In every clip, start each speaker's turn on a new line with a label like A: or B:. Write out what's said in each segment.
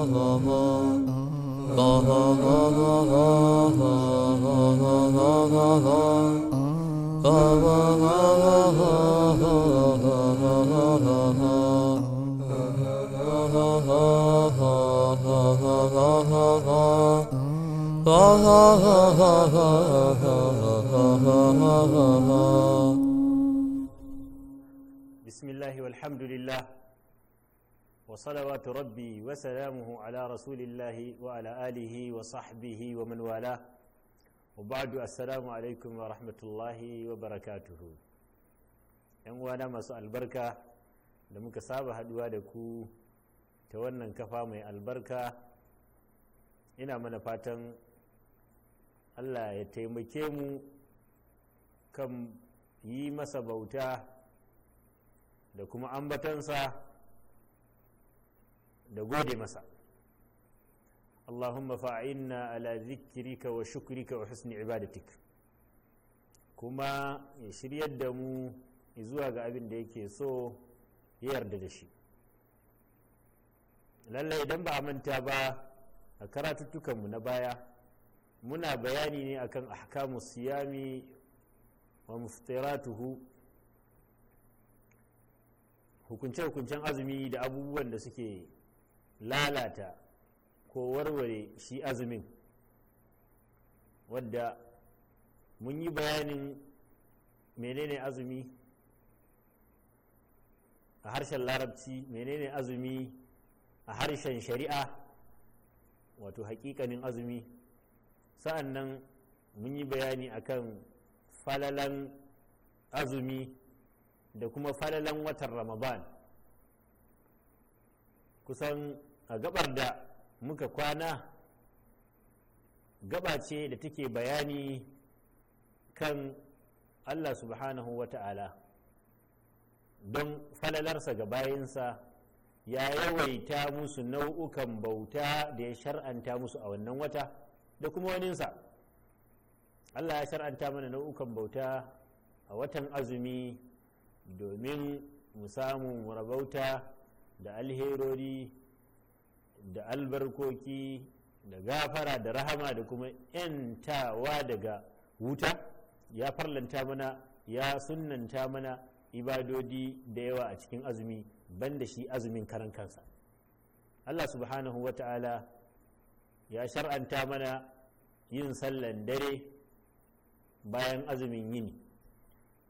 A: بسم الله والحمد لله Wasala wata rabbi wasalamu ala rasulillah wa al'alihi wa sahibihi wa man wala ubadur asalamu alaikum wa rahmatulahi wa barakatuhu. Yan uwana masu albarka da muka saba haɗuwa da ku ta wannan kafa mai albarka ina mana fatan Allah ya taimake mu kan yi masa bauta da kuma ambatansa. da gode masa Allahumma fa'inna ala zikrika wa shukrika wa husni ibadatik kuma ya shiryar da mu zuwa ga abin da yake so ya yarda da shi lallai idan ba a manta ba a karatuttukanmu na baya muna bayani ne akan ahkamu siyami wa muftiratuhu hukunce-hukuncen azumi da abubuwan da suke lalata ko warware shi azumin wadda mun yi bayanin menene azumi a harshen larabci menene azumi a harshen shari'a wato hakikanin azumi sa'an nan mun yi bayani akan falalan azumi da kuma falalan watan ramadan kusan a gabar da muka kwana gaba ce da take bayani kan allah subhanahu wa ta'ala don falalarsa ga bayansa ya yawaita musu nau'ukan bauta da ya shar'anta musu a wannan wata da kuma waninsa allah ya shar'anta mana nau'ukan bauta a watan azumi domin mu samu rabauta da alherori da albarkoki da gafara da rahama da kuma 'yantawa daga wuta ya farlanta mana ya sunanta mana ibadodi da yawa a cikin azumi banda shi azumin karan kansa Allah subhanahu wa ta'ala ya shar'anta mana yin sallan dare bayan azumin yini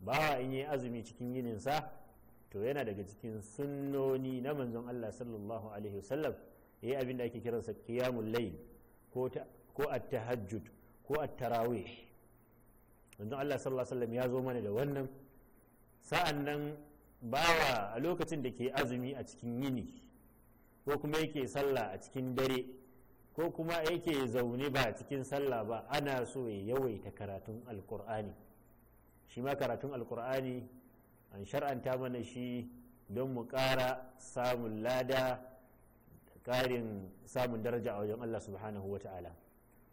A: ba in yi azumi cikin yininsa to yana daga cikin sunnoni na manzon Allah sallallahu alaihi wasallam yayi abin da ake kiransa qiyamul layl ko ko at-tahajjud ko at-tarawih manzon Allah sallallahu alaihi wasallam ya zo mana da wannan sa'an nan bawa a lokacin da ke azumi a cikin yini ko kuma yake sallah a cikin dare ko kuma yake zaune ba cikin sallah ba ana so ya yawaita karatun alkur'ani shi ma karatun alkur'ani an shar'anta mana shi don mu ƙara samun lada karin samun daraja a wajen Allah subhanahu wa ta'ala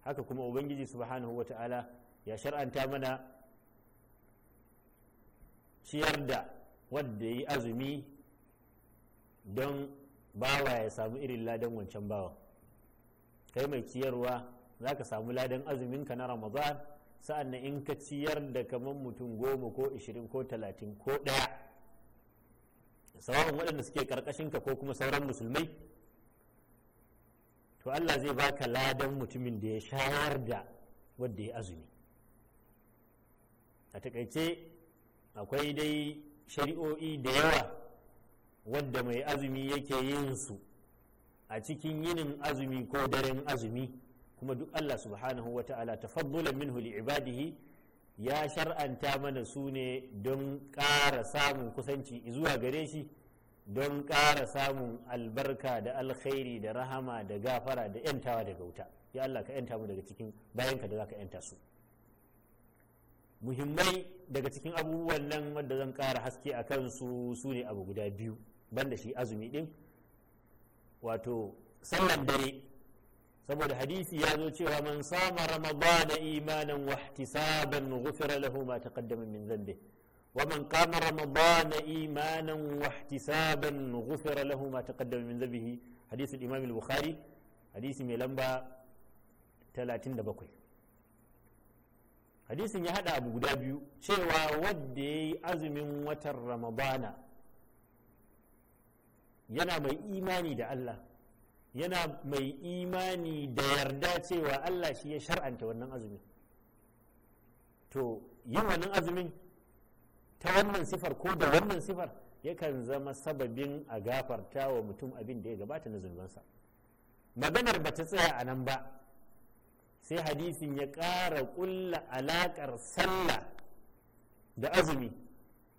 A: haka kuma ubangiji subhanahu wa ta'ala ya shar'anta mana ciyar da wanda ya yi azumi don bawa ya samu irin ladan wancan bawa kai mai ciyarwa za ka samu ladan azuminka na ramadan sa'an in ka ciyar da kamar mutum goma ko ishirin ko talatin ko ɗaya sauran waɗanda suke ƙarƙashinka ko kuma sauran musulmai to Allah zai baka ladan mutumin da ya shayar da wanda ya azumi a takaice akwai dai shari'o'i da yawa wadda mai azumi yake yin su a cikin yinin azumi ko daren azumi kuma duk Allah subhanahu wa ta'ala min minhu ibadihi ya shar'anta mana su ne don ƙara samun kusanci zuwa gare shi don ƙara samun albarka da alkhairi da rahama da gafara da ‘yantawa daga wuta ya Allah ka ‘yanta mu daga cikin bayanka da za ka ‘yanta su muhimmai daga cikin abubuwan nan wanda zan ƙara haske a kansu su ne abu guda biyu banda shi azumi ɗin wato sallan dare saboda hadisi ya zo cewa man sama ramadana imanan wahtisaban ghufira lahu ma taqaddama min zambe. ومن قام رمضان إيمانا واحتسابا غفر له ما تقدم من ذنبه حديث الإمام البخاري حديث ميلمبا 37 hadisin ya haɗa abu guda biyu cewa wadda ya yi azumin watan ramadana yana mai imani da Allah yana mai imani da yarda cewa Allah shi ya shar'anta wannan azumin to yin wannan azumin ta wannan sifar ko da wannan sifar yakan zama sababin a gafarta wa mutum abin da ya gabata na zunubansa maganar ba ta tsaya a nan ba sai hadisin ya ƙara ƙulla alaƙar sallah da azumi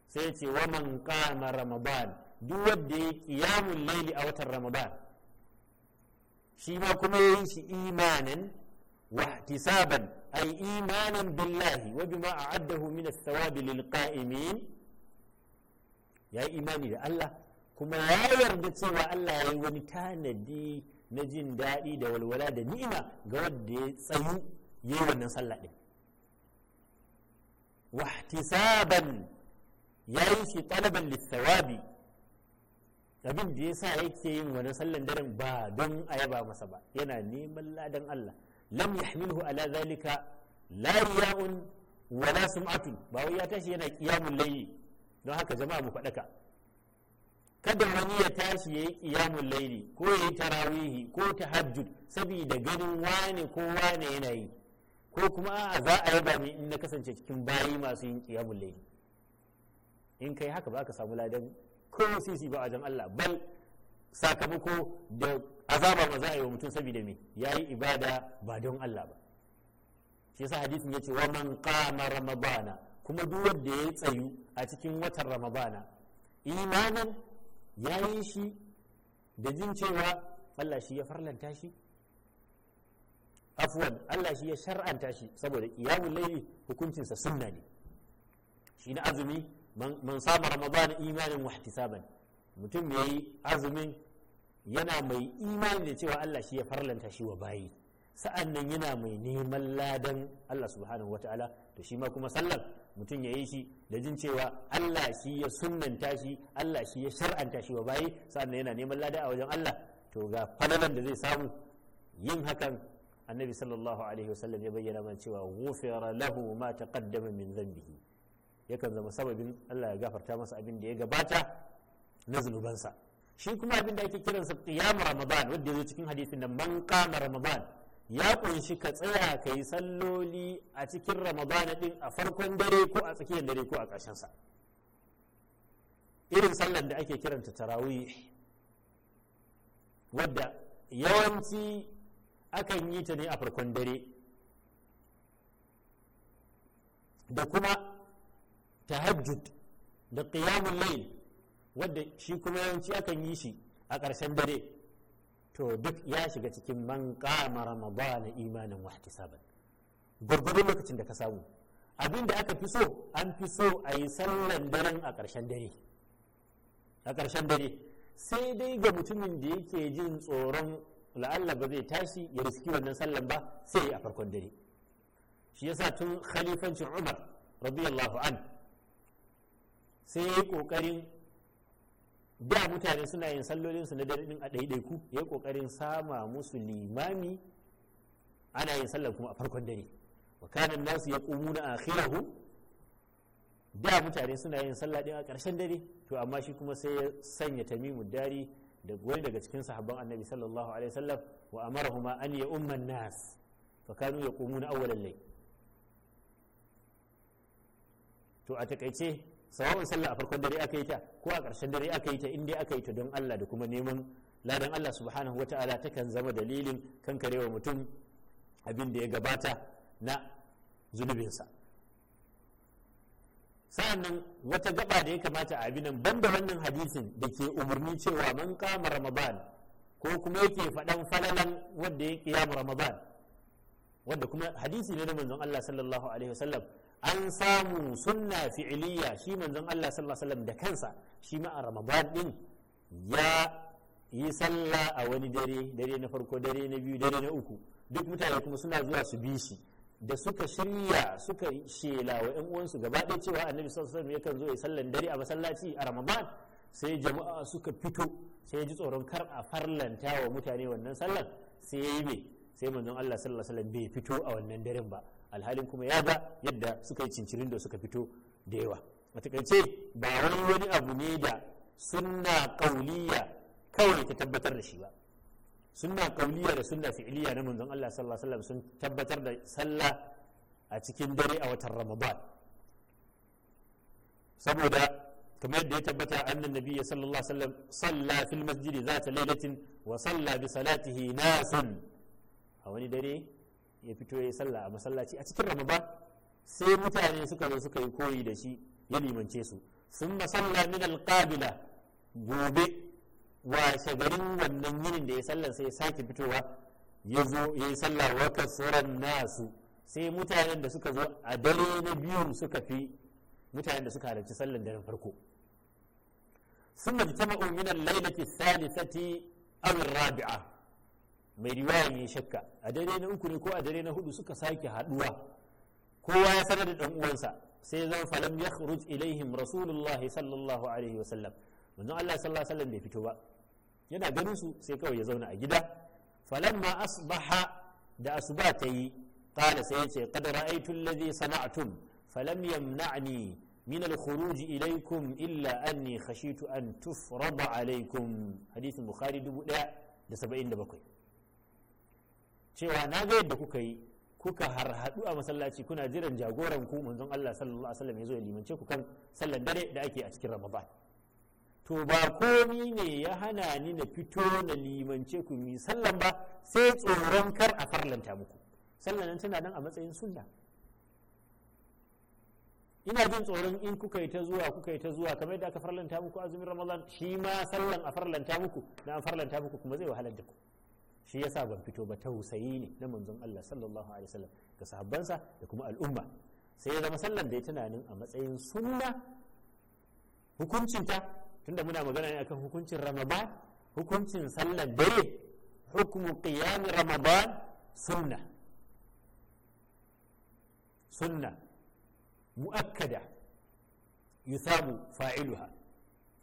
A: sai ya ce wa man kama ramadan duk wanda ya ƙiyamun laili a watan ramadan shi ma kuma yin shi imanin واحتسابا أي إيمانا بالله وبما a من الثواب للقائمين ya yi imani da Allah kuma ya yarda cewa Allah ya yi wani tanadi na jin daɗi da walwala da ni'ima ga wanda ya tsayu ya yi wannan sallah ɗin wahtisaban ya yi shi talaban lissawabi abin da ya sa yake yin wannan sallar daren ba don a yaba masa ba yana neman ladan Allah lam yahmilhu ala zalika la riya'un wala sum'atun ba wai ya tashi yana qiyamul layli don haka jama'a mu faɗaka kada wani ya tashi yayi ƙiyamun layli ko yayi tarawihi ko tahajjud sabida ganin wane ko wane yana yi ko kuma a za a yaba ni in na kasance cikin bayi masu yin qiyamul layli in kai haka ba ka samu ladan ko sisi ba a jan Allah bal sakamako da azaba ba za a yi wa mutum saboda me ya yi ibada ba don Allah ba shi yasa hadisin ce wa man qama ramadana kuma duk wanda ya tsayu a cikin watan ramadana imanin yi shi da jin cewa Allah shi ya farlanta shi afwan Allah shi ya shar'anta shi saboda qiyamul layli hukuncinsa sunna ne shi na azumi man sama ramadana imanin wa ihtisaban mutum yayi azumin yana mai imani da cewa Allah shi ya farlanta shi wa bayi sa'an nan yana mai neman ladan Allah subhanahu wata'ala to shi ma kuma sallar mutum ya yi shi da jin cewa Allah shi ya sunnanta shi Allah shi ya shar'anta shi wa bayi sa'an nan yana neman lada a wajen Allah to ga fadalan da zai samu yin hakan annabi sallallahu alaihi wasallam ya bayyana man cewa ghufira lahu ma taqaddama min dhanbihi yakan zama sababin Allah ya gafarta masa abin da ya gabata na zunubansa shi kuma abin da ake kiransa qiyam ramadan wanda yazo cikin hadisin da man qama ramadan ya kunshi ka tsaya ka yi salloli a cikin ramadan din a farkon dare ko a tsakiyar dare ko a ƙarshen sa irin sallan da ake kiranta tarawih wadda yawanci akan yi ta ne a farkon dare da kuma tahajjud da qiyamul layl wadda shi kuma yawanci akan yi shi a ƙarshen dare to duk ya shiga cikin man kama ramadan imanin wa ihtisaban gurgurdan lokacin da ka samu abin da aka fi so an fi so a yi sallan daren a ƙarshen dare a ƙarshen dare sai dai ga mutumin da yake jin tsoron la'alla ba zai tashi ya riski wannan sallan ba sai a farkon dare shi yasa tun khalifancin umar radiyallahu an sai ya yi ƙoƙarin da mutane suna yin sallolinsu na dare din a ɗaiɗaiku ya kokarin sama musu limami ana yin sallar kuma a farkon dare wa ya ƙumu na akhirahu da mutane suna yin sallah din a ƙarshen dare to amma shi kuma sai ya sanya tamimu dari da wani daga cikin sahabban annabi sallallahu alaihi wasallam wa ma an ya umman nas fa kanu yaqumuna awwalal layl to a takaice sawa'un sallah a farkon dare aka yi ta ko a ƙarshen dare aka yi ta in dai aka yi ta don Allah da kuma neman ladan Allah subhanahu wa ta takan zama dalilin kankarewa mutum abin da ya gabata na zunubinsa sa'annan wata gaba da ya kamata a abinan banda wannan hadisin da ke umarni cewa man kama ramadan ko kuma yake faɗan falalan wanda ya kiyamu ramadan wanda kuma hadisi ne na manzon Allah sallallahu alaihi wasallam an samu sunna fi'iliya shi manzon Allah sallallahu alaihi da kansa shi ma a Ramadan din ya yi sallah a wani dare dare na farko dare na biyu dare na uku duk mutane kuma suna zuwa su bi shi da suka shirya suka shela wa ƴan uwansu gaba ɗaya cewa annabi sallallahu alaihi yakan zo ya sallan dare a masallaci a Ramadan sai jama'a suka fito sai ji tsoron kar a farlanta wa mutane wannan sallan sai ya yi sai manzon Allah sallallahu alaihi bai fito a wannan daren ba alhalin kuma ya ga yadda suka yi cincirin da suka fito da yawa a takaice ba wani abu ne da sunna kauliya kawai ta tabbatar da shi ba sunna kauliya da sunna fi'iliya na manzon Allah sallallahu alaihi wasallam sun tabbatar da sallah a cikin dare a watan Ramadan saboda kamar da ya tabbata annan nabiyyi sallallahu alaihi wasallam salla fil masjid zata lailatin wa salla bi salatihi nasun a wani dare ya fito ya sallah a masallaci a cikin ramadan sai mutane suka zo suka yi koyi da shi ya limance su sun masalla min alqabila gobe washe garin wannan yinin da ya sallar sai ya sake fitowa ya zo ya yi sallah wa kasuran nasu sai mutanen da suka zo a dare na biyu suka fi mutanen da suka halarci sallar da farko sun majtama'u min al-lailati thalithati aw rabi'a mai riwayan ya shakka a dare na uku ne ko a dare na hudu suka sake haduwa kowa ya sanar da dan uwansa sai zan falam yakhruj ilaihim rasulullahi sallallahu alaihi sallam manzon Allah sallallahu alaihi wasallam bai fito ba yana ganin su sai kawai ya zauna a gida falamma asbaha da asuba ta yi qala sai yace qad ra'aytu alladhi sana'tum falam yamna'ni min al-khuruj ilaykum illa anni khashitu an tufrada alaykum hadith bukhari 1077 cewa na ga yadda kuka yi kuka haɗu a masallaci kuna jiran jagoran ku manzon Allah sallallahu alaihi wasallam ya ya limance ku kan sallan dare da ake a cikin Ramadan to ba komi ne ya hana ni na fito na limance ku mi sallan ba sai tsoron kar a farlanta muku sallan nan tana nan a matsayin sunna ina jin tsoron in kuka yi ta zuwa kuka yi ta zuwa kamar yadda aka farlanta muku azumin ramadan shi ma sallan a farlanta muku na farlanta muku kuma zai wahalar da ku shi yasa ban fito ba ta husayi ne na manzon Allah sallallahu alaihi wasallam ga sahabbansa da kuma al'umma sai ya zama sallan da ya tunanin a matsayin sunna hukuncinta tunda muna magana ne akan hukuncin ramadan hukuncin sallan dare hukumu qiyam ramadan sunna sunna mu'akkada yusabu fa'iluha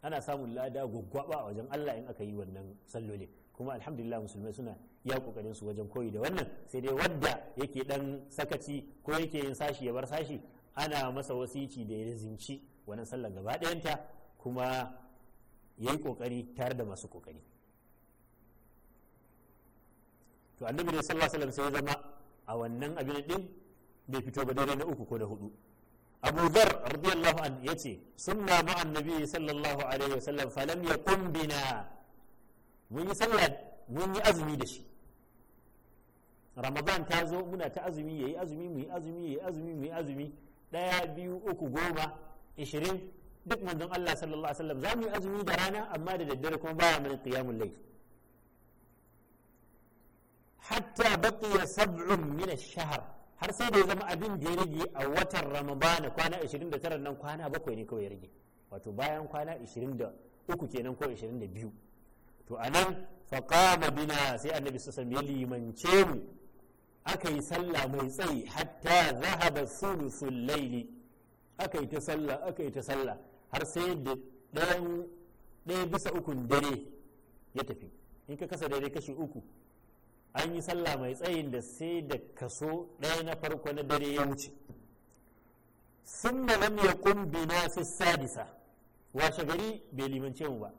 A: ana samun lada gwaggwaba a wajen Allah in aka yi wannan sallolin kuma alhamdulillah musulmai suna ya kokarin su wajen koyi da wannan sai dai wadda yake dan sakaci ko yake yin sashi ya bar sashi ana masa wasici da ya zinci wannan sallar gaba ɗayanta kuma ya yi kokari tare da masu kokari to annabi ne sallallahu alaihi sai zama a wannan abin din bai fito ba dare na uku ko da hudu abu zar radiyallahu an yace sunna ma annabi sallallahu alaihi wasallam falam yaqum bina mun yi sallah mun yi azumi da shi ramadan ta zo muna ta azumi yayi azumi mu yi azumi yayi azumi mu yi azumi daya biyu uku goma ishirin duk manzon Allah sallallahu alaihi wasallam za mu yi azumi da rana amma da daddare kuma baya mana qiyamul layl hatta baqiya sab'un min ash-shahr har sai da zama abin da ya rage a watan ramadan kwana 29 nan kwana bakwai ne kawai ya rage wato bayan kwana 23 kenan ko 22 to anan faqama bina sai annabi sallallahu ya limance mu aka yi sallah mai tsayi hatta zahaba sulusul laili aka yi ta sallah aka yi ta sallah har sai da ɗayan ɗaya bisa ukun dare ya tafi in ka kasa daidai kashi uku an yi sallah mai tsayin da sai da kaso ɗaya na farko na dare ya wuce sun lam yakun bina sadisa washe gari bai limance mu ba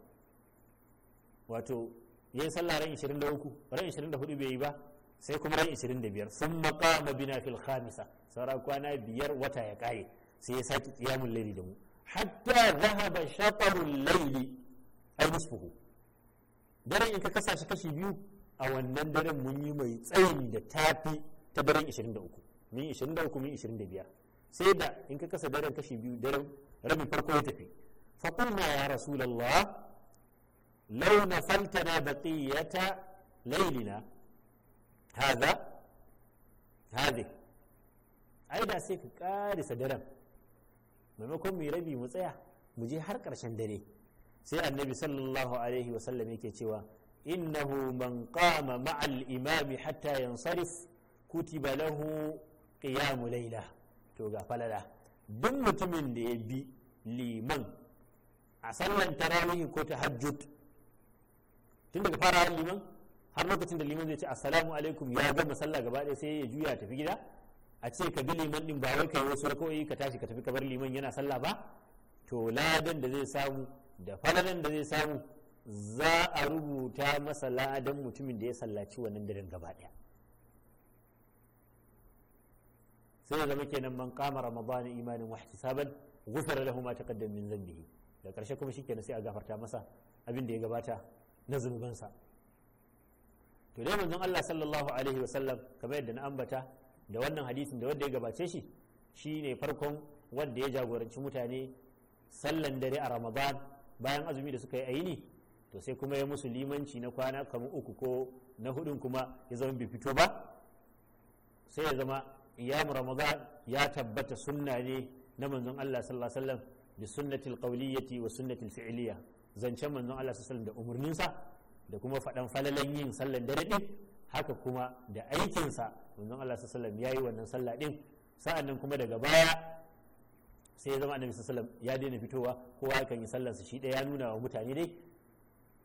A: wato ya yi sallah ran 23 ran 24 bai yi ba sai kuma ran 25 sun maqama bina fil khamisa saura kwana biyar wata ya kare sai ya saki qiyamul layli da mu hatta zahaba shaqarul layli ai nisfuhu daren in ka kasa shi kashi biyu a wannan daren mun yi mai tsayi da tafi ta daren 23 min 23 min 25 sai da in ka kasa daren kashi biyu daren rabin farko ya tafi fa ya rasulullah lau na faltana baqiyata lailina haza hazi ai da sai ka karisa daren maimakon mai rabi mu tsaya mu je har ƙarshen dare sai annabi sallallahu alaihi wasallam yake cewa innahu man qama ma'al imami hatta yansarif kutiba lahu qiyamu laila to ga falala duk mutumin da ya bi liman a sallan tarawih ko tahajjud tun daga farawar liman har lokacin da liman zai ce assalamu alaikum ya gama sallah gaba ɗaya sai ya juya tafi gida a ce ka bi liman din ba wai kai wasu rakoi ka tashi ka tafi ka bar liman yana sallah ba to ladan da zai samu da falalan da zai samu za a rubuta masa ladan mutumin da ya sallaci wannan daren gaba ɗaya sai zama kenan man kama ramadan imanin wahtisaban gufara lahu ma taqaddama min zambihi da karshe kuma shikenan sai a gafarta masa abin da ya gabata na zunubansa to dai manzon Allah sallallahu alaihi wa sallam kamar yadda na ambata da wannan hadisin da wanda ya gabace shi shi ne farkon wanda ya jagoranci mutane sallan dare a Ramadan bayan azumi da suka yi ayini to sai kuma ya musu limanci na kwana kamar uku ko na hudun kuma ya zama bai fito ba sai ya zama iyamu Ramadan ya tabbata sunna ne na manzon Allah sallallahu alaihi sallam bi sunnatil qawliyyati wa sunnatil fi'liyya zancen manzon Allah sallallahu da umarninsa da kuma faɗan falalan yin sallan dare din haka kuma da aikinsa manzon Allah sallallahu ya yi wannan sallah din sa'an nan kuma daga baya sai ya zama annabi sallallahu ya daina fitowa kowa kan yi sallarsa shi ya nuna wa mutane dai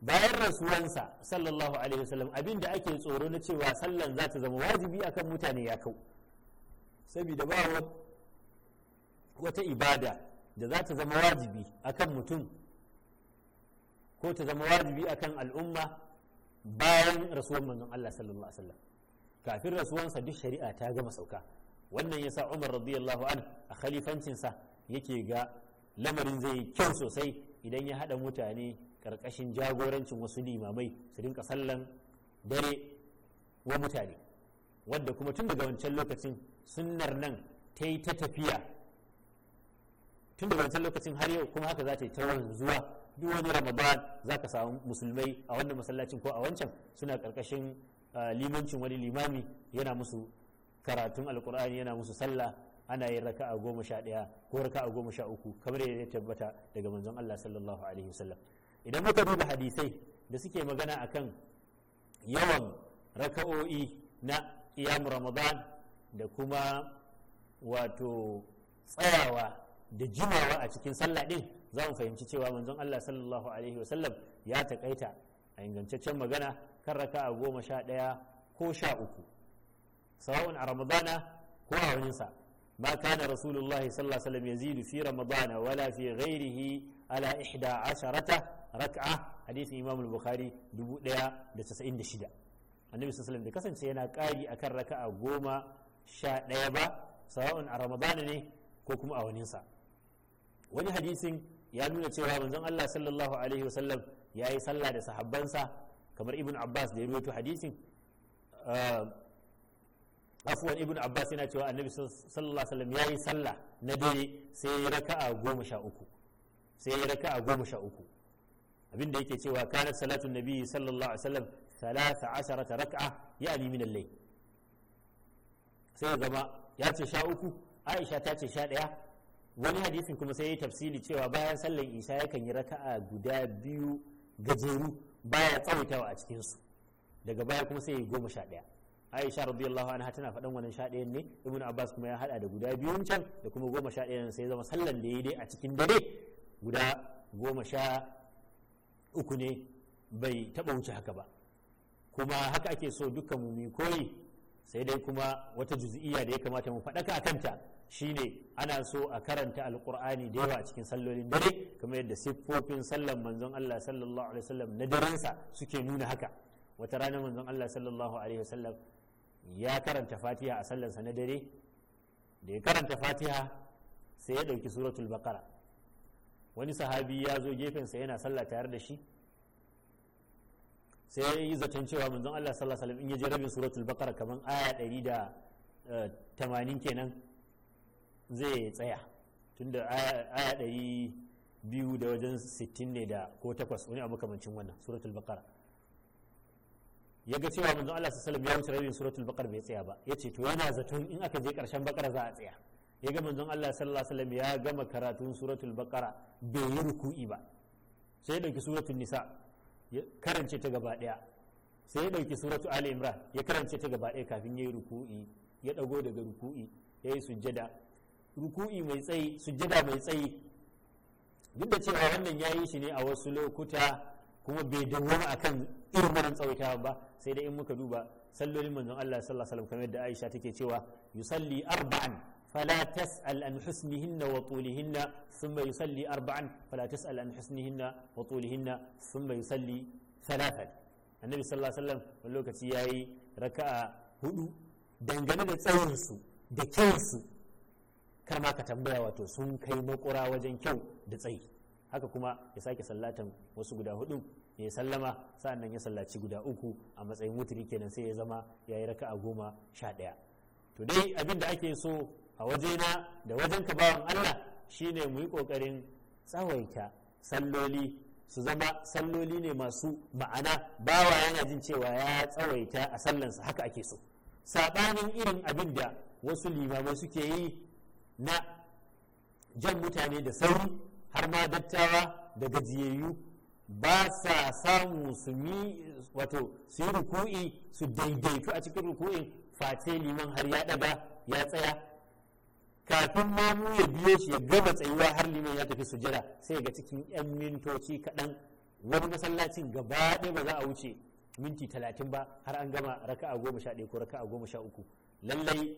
A: bayan rasuwansa sallallahu alaihi wasallam abin da ake tsoro na cewa sallan za ta zama wajibi akan mutane ya kau saboda ba wata ibada da za ta zama wajibi akan mutum ko ta zama wajibi akan al'umma bayan rasuwan manzon Allah sallallahu alaihi wasallam kafin rasuwansa duk shari'a ta gama sauka wannan yasa Umar radiyallahu an a khalifancinsa yake ga lamarin zai kyau sosai idan ya haɗa mutane karkashin jagorancin wasu limamai su rinka sallan dare wa mutane wadda kuma tun daga wancan lokacin sunnar nan ta yi ta tafiya tun daga wancan lokacin har yau kuma haka za ta yi ta zuwa. duk wani ramadan za ka samu musulmai a wannan masallacin ko a wancan suna karkashin limancin wani limami yana musu karatun alkur'ani yana musu sallah ana yin raka'a goma sha ɗaya ko raka'a goma sha uku kamar yadda ya tabbata daga manzon Allah sallallahu alaihi wasallam idan muka duba hadisai da suke magana akan yawan raka'o'i na iyamu ramadan da kuma wato tsayawa da jimawa a cikin sallah din za mu fahimci cewa manzon Allah sallallahu alaihi wasallam ya takaita a ingantaccen magana kan raka'a goma sha ɗaya ko sha uku sawa'un a ramadana ko a waninsa ma kana rasulullahi sallallahu alaihi wasallam yazidu fi ramadana wala fi ghairihi ala ihda asharata raka'a hadisin imam al-bukhari 1096 annabi sallallahu da kasance yana ƙari akan raka'a goma sha ɗaya ba sawa'un a ramadana ne ko kuma a waninsa wani hadisin ya nuna cewa manzon Allah sallallahu alaihi wasallam ya yi sallah da sahabbansa kamar ibn Abbas da ya rubuta hadisin ah, afuwan ibn Abbas yana cewa annabi sallallahu alaihi wasallam ya yi sallah na dare sai ya raka'a goma sha uku sai ya raka'a goma sha uku abinda yake cewa kana salatu nabi sallallahu alaihi wasallam salasa asharata raka'a yani min al-layl sai ya zama ya ce sha uku Aisha ta ce sha ɗaya wani hadisin kuma sai ya tafsiri cewa bayan sallar isha yakan yi raka'a guda biyu gajeru baya tsawaitawa a cikinsu daga baya kuma sai ya goma sha ɗaya aisha radiyallahu anha tana faɗan wannan sha ɗayan ne ibn abbas kuma ya haɗa da guda biyun can da kuma goma sha ɗayan sai zama sallan da ya dai a cikin dare guda goma sha uku ne bai taɓa wuce haka ba kuma haka ake so dukkan mu koyi sai dai kuma wata juzi'iya da ya kamata mu faɗaka a kanta shine ana so a karanta alkur'ani da yawa a cikin sallolin dare kamar yadda siffofin sallan manzon Allah sallallahu alaihi wasallam na darensa suke nuna haka wata rana manzon Allah sallallahu alaihi wasallam ya karanta fatiha a sallansa na dare da ya karanta fatiha sai ya ɗauki suratul baqara wani sahabi ya zo gefensa yana sallah tare da shi sai ya yi zaton cewa manzon Allah sallallahu alaihi wasallam in ya je rabin suratul baqara kaman aya 180 eh, kenan zai tsaya tun da ɗari biyu da wajen sittin ne da ko takwas wani abu kamancin wannan suratul bakar ya ga cewa manzon Allah sallallahu ya wuce rabin suratul baqara bai tsaya ba yace to yana zaton in aka je karshen baqara za a tsaya ya ga manzon Allah sallallahu alaihi wasallam ya gama karatun suratul baqara bai yi ruku'i ba sai ya dauki suratul nisa ya karance ta gaba daya sai ya dauki suratul ali imran ya karance ta gaba daya kafin ya yi ruku'i ya dago daga ruku'i ya yi sujjada ruku'i mai tsayi sujjada mai tsayi duk da cewa wannan ya yi shi ne a wasu lokuta kuma bai dawwama akan irin wannan tsawaitawa ba sai dai in muka duba sallolin manzon Allah sallallahu alaihi wasallam kamar da Aisha take cewa yusalli arba'an fala tas'al an husnihinna wa tulihinna thumma yusalli arba'an fala tas'al an husnihinna wa tulihinna thumma yusalli thalathan annabi sallallahu alaihi wasallam wani lokaci yayi raka'a hudu dangane da tsawon su da kyansu kar ma ka tambaya wato sun kai makura wajen kyau da tsayi haka kuma ya sake sallatan wasu guda hudu ya sallama sa'an nan ya sallaci guda uku a matsayin wuturi kenan sai ya zama ya yi raka'a goma sha ɗaya to dai abin da ake so a waje na da wajen ka bawan Allah shine mu yi ƙoƙarin tsawaita salloli su zama salloli ne masu ma'ana bawa yana jin cewa ya tsawaita a sallansa haka ake so saɓanin irin abin da wasu limamai suke yi na jan mutane da sauri har ma dattawa da gajiyayyu ba sa samu su mi wato su yi ruku'i su daidaitu a cikin ruku'in face liman har ya ɗaga ya tsaya kafin mamu ya biyo shi ya gama tsayuwa har liman ya tafi sujada sai ga cikin 'yan mintoci kaɗan wani masallacin gaba ɗaya ba za a wuce minti talatin ba har an gama raka'a goma sha ɗaya ko raka'a goma sha uku lallai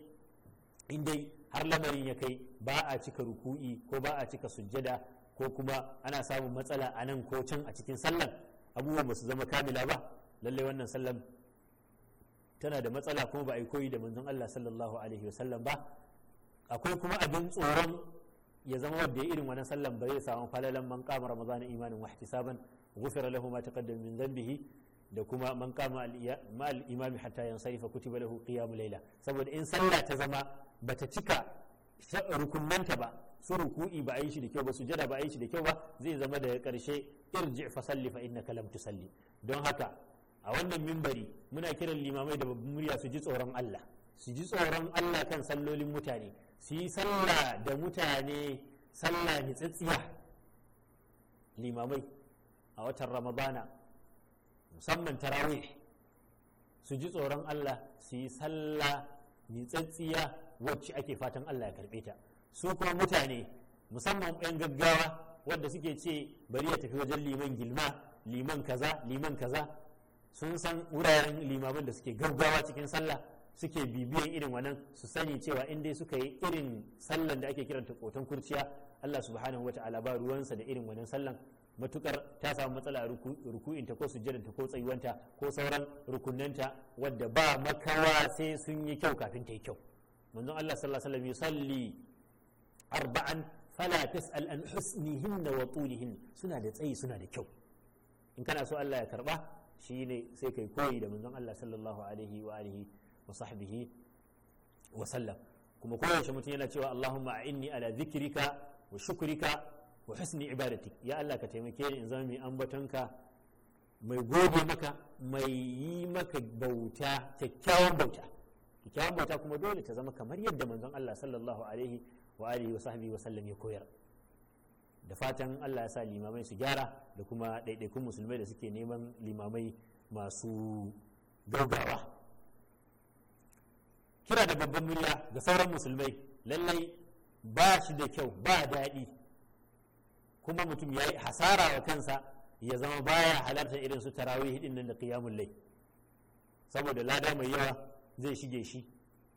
A: in dai har lamarin ya kai ba a cika ruku'i ko ba a cika sujjada ko kuma ana samun matsala a nan ko can a cikin sallan abubuwan ba su zama kamila ba lallai wannan sallan tana da matsala kuma ba a yi koyi da manzon Allah sallallahu alaihi wa sallam ba akwai kuma abin tsoron ya zama wanda ya irin wannan sallan ba zai samu falalan man qama ramadan imanin wa ihtisaban ghufira lahu ma taqaddama min dhanbihi da kuma man qama al imam hatta yansarifa kutiba lahu qiyamul laila saboda in sallah ta zama bata cika rukunnanta ba su ruku'i ba a yi shi da kyau ba su jada ba a yi shi da kyau ba zai zama da ƙarshe irji fa salli fa innaka lam tusalli don haka a wannan mimbari muna kiran limamai da babban murya su ji tsoron Allah su ji tsoron Allah kan sallolin mutane su yi sallah da mutane sallah nitsatsiya limamai a watan ramadana musamman tarawih su ji tsoron Allah su yi sallah nitsatsiya wacce ake fatan Allah ya karbe ta su kuma mutane musamman 'yan gaggawa wanda suke ce bari ya tafi wajen liman gilma liman kaza liman kaza sun san wuraren limaman da suke gaggawa cikin sallah suke bibiyan irin wannan su sani cewa in dai suka yi irin sallan da ake kiranta kotan kurciya Allah subhanahu wa ta'ala ba ruwansa da irin wannan sallan matukar ta samu matsala ruku'inta ko sujjadanta ko tsayuwanta ko sauran rukunanta wadda ba makawa sai sun yi kyau kafin ta yi kyau manzon Allah sallallahu alaihi wasallam yusalli arba'an fala tas'al an husnihinna wa tulihin suna da tsayi suna da kyau in kana so Allah ya karba shine sai kai koyi da manzon Allah sallallahu alaihi wa alihi wa sahbihi wa sallam kuma koyaushe mutum yana cewa Allahumma a'inni ala dhikrika wa shukrika wa husni ibadatik ya Allah ka taimake ni in zama mai ambatonka mai gobe maka mai yi maka bauta kyakkyawan bauta kyakkyawan bauta kuma dole ta zama kamar yadda manzon Allah sallallahu alaihi wa alihi wa sahbihi wa sallam ya koyar da fatan Allah ya sa limamai su gyara da kuma ɗaiɗaikun musulmai da suke neman limamai masu gaugawa kira da babban murya ga sauran musulmai lallai ba shi da kyau ba daɗi kuma mutum ya yi hasara wa kansa ya zama baya halartar irin su tarawih din nan da qiyamul lai saboda lada mai yawa zai shige shi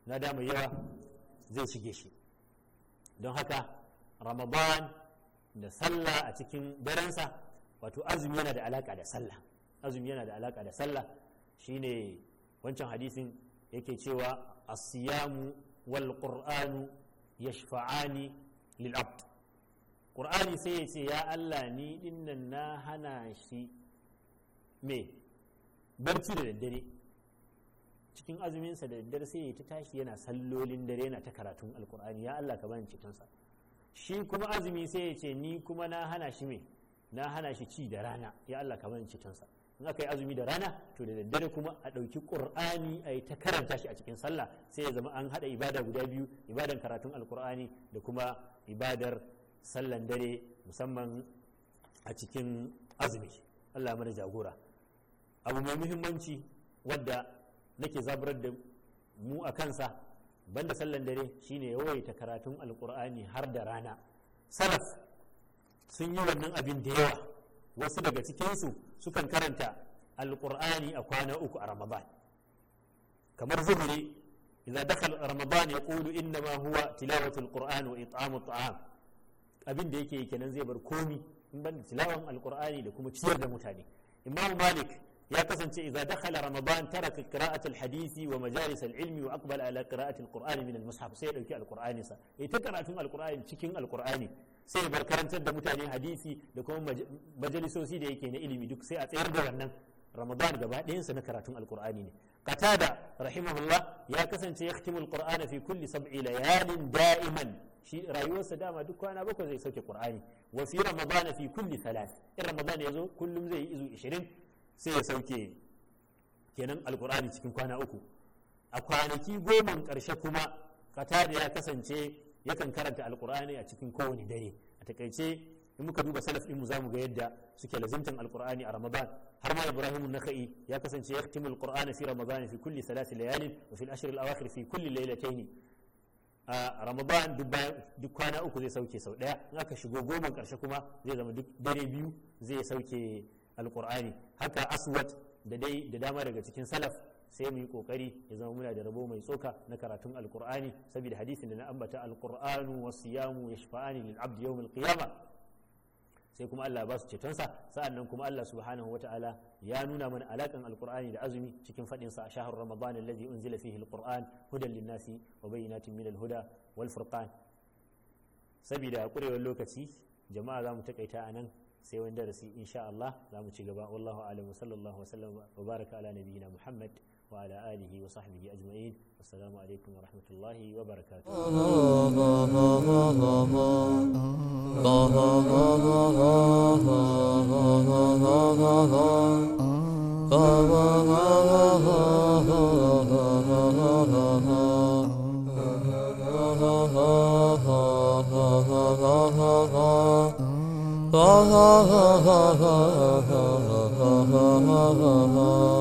A: na mai yawa zai shige shi don haka ramadan da sallah a cikin darensa wato azumi yana da alaka da sallah azumi yana da alaka da sallah shine wancan hadisin yake cewa asiyamu wal qur'anu yashfa'ani lil abd qur'ani sai ya ce ya Allah ni dinnan na hana shi me barci da daddare cikin azuminsa da daddare sai ya ta tashi yana sallolin dare yana ta karatun alkur'ani ya Allah ka bani cetonsa shi kuma azumi sai ya ce ni kuma na hana shi me na hana shi ci da rana ya Allah ka bani cetonsa in aka yi azumi da rana to da daddare kuma a ɗauki ƙur'ani a yi ta karanta shi a cikin sallah sai ya zama an haɗa ibada guda biyu ibadan karatun alkur'ani da kuma ibadar sallan dare musamman a cikin azumi Allah mana jagora abu mai muhimmanci wadda nake zaburar da mu a kansa banda sallan dare shine yawaita karatun alkur'ani har da rana salaf sun yi wannan abin da yawa wasu daga cikinsu sukan karanta alkur'ani a kwana uku a ramadan kamar zuhuri idan dakal ramadan ya kulu inna ma huwa tilawatul qur'an wa it'amu ta'am abin da yake kenan zai bar komi in ban tilawan alkur'ani da kuma ciyar da mutane imam malik ya kasance idza dakhala ramadan taraka qira'at hadisi wa majalis ilmi wa aqbala ala qira'at alqur'ani min almushaf sai ya dauki alqur'ani sa ita karatun alqur'ani cikin alqur'ani sai ya bar karantar da mutane hadisi da kuma majalisosi da yake na ilimi duk sai a tsayar da wannan ramadan gaba ɗayansa na karatun alkur'ani ne qatada rahimahullah ya kasance ya khtimul qur'ana fi kulli sab'i layalin da'iman shi rayuwarsa dama duk kwana bakwai zai sauke qur'ani wa fi ramadan fi kulli thalath in ramadan yazo kullum zai yi izu ishirin. sai ya sauke kenan alkur'ani cikin kwana uku a kwanaki goman ƙarshe kuma katada ya kasance yakan karanta alkur'ani a cikin kowane dare a takaice in muka duba salaf ɗinmu za mu ga yadda suke lazimtan alkur'ani a ramadan har ma ibrahim naka'i ya kasance ya katimu alkur'ani fi ramadan fi kulli salati layalin wa fil ashr al-awakhir fi kulli laylatayn a ramadan duk kwana uku zai sauke sau daya in aka shigo goman ƙarshe kuma zai zama duk dare biyu zai sauke alkur'ani haka aswad da dai da dama daga cikin salaf sai mu yi kokari ya zama muna da rabo mai tsoka na karatun alkur'ani saboda hadisin da na ambata alkur'anu wa siyamu yashfa'ani lil abdi yawm qiyama sai kuma Allah ba su cetonsa sa'an nan kuma Allah subhanahu wata'ala ya nuna mana alakan alkur'ani da azumi cikin faɗin sa a shahar ramadan alladhi unzila fihi alqur'an hudan lin-nasi wa bayyinatin min al-huda wal furqan saboda kurewar lokaci jama'a za mu takaita a nan سيو درسي إن شاء الله زامن شجبا والله أعلم وصلى الله وسلم وبارك على نبينا محمد وعلى آله وصحبه أجمعين والسلام عليكم ورحمة الله وبركاته ha ha ha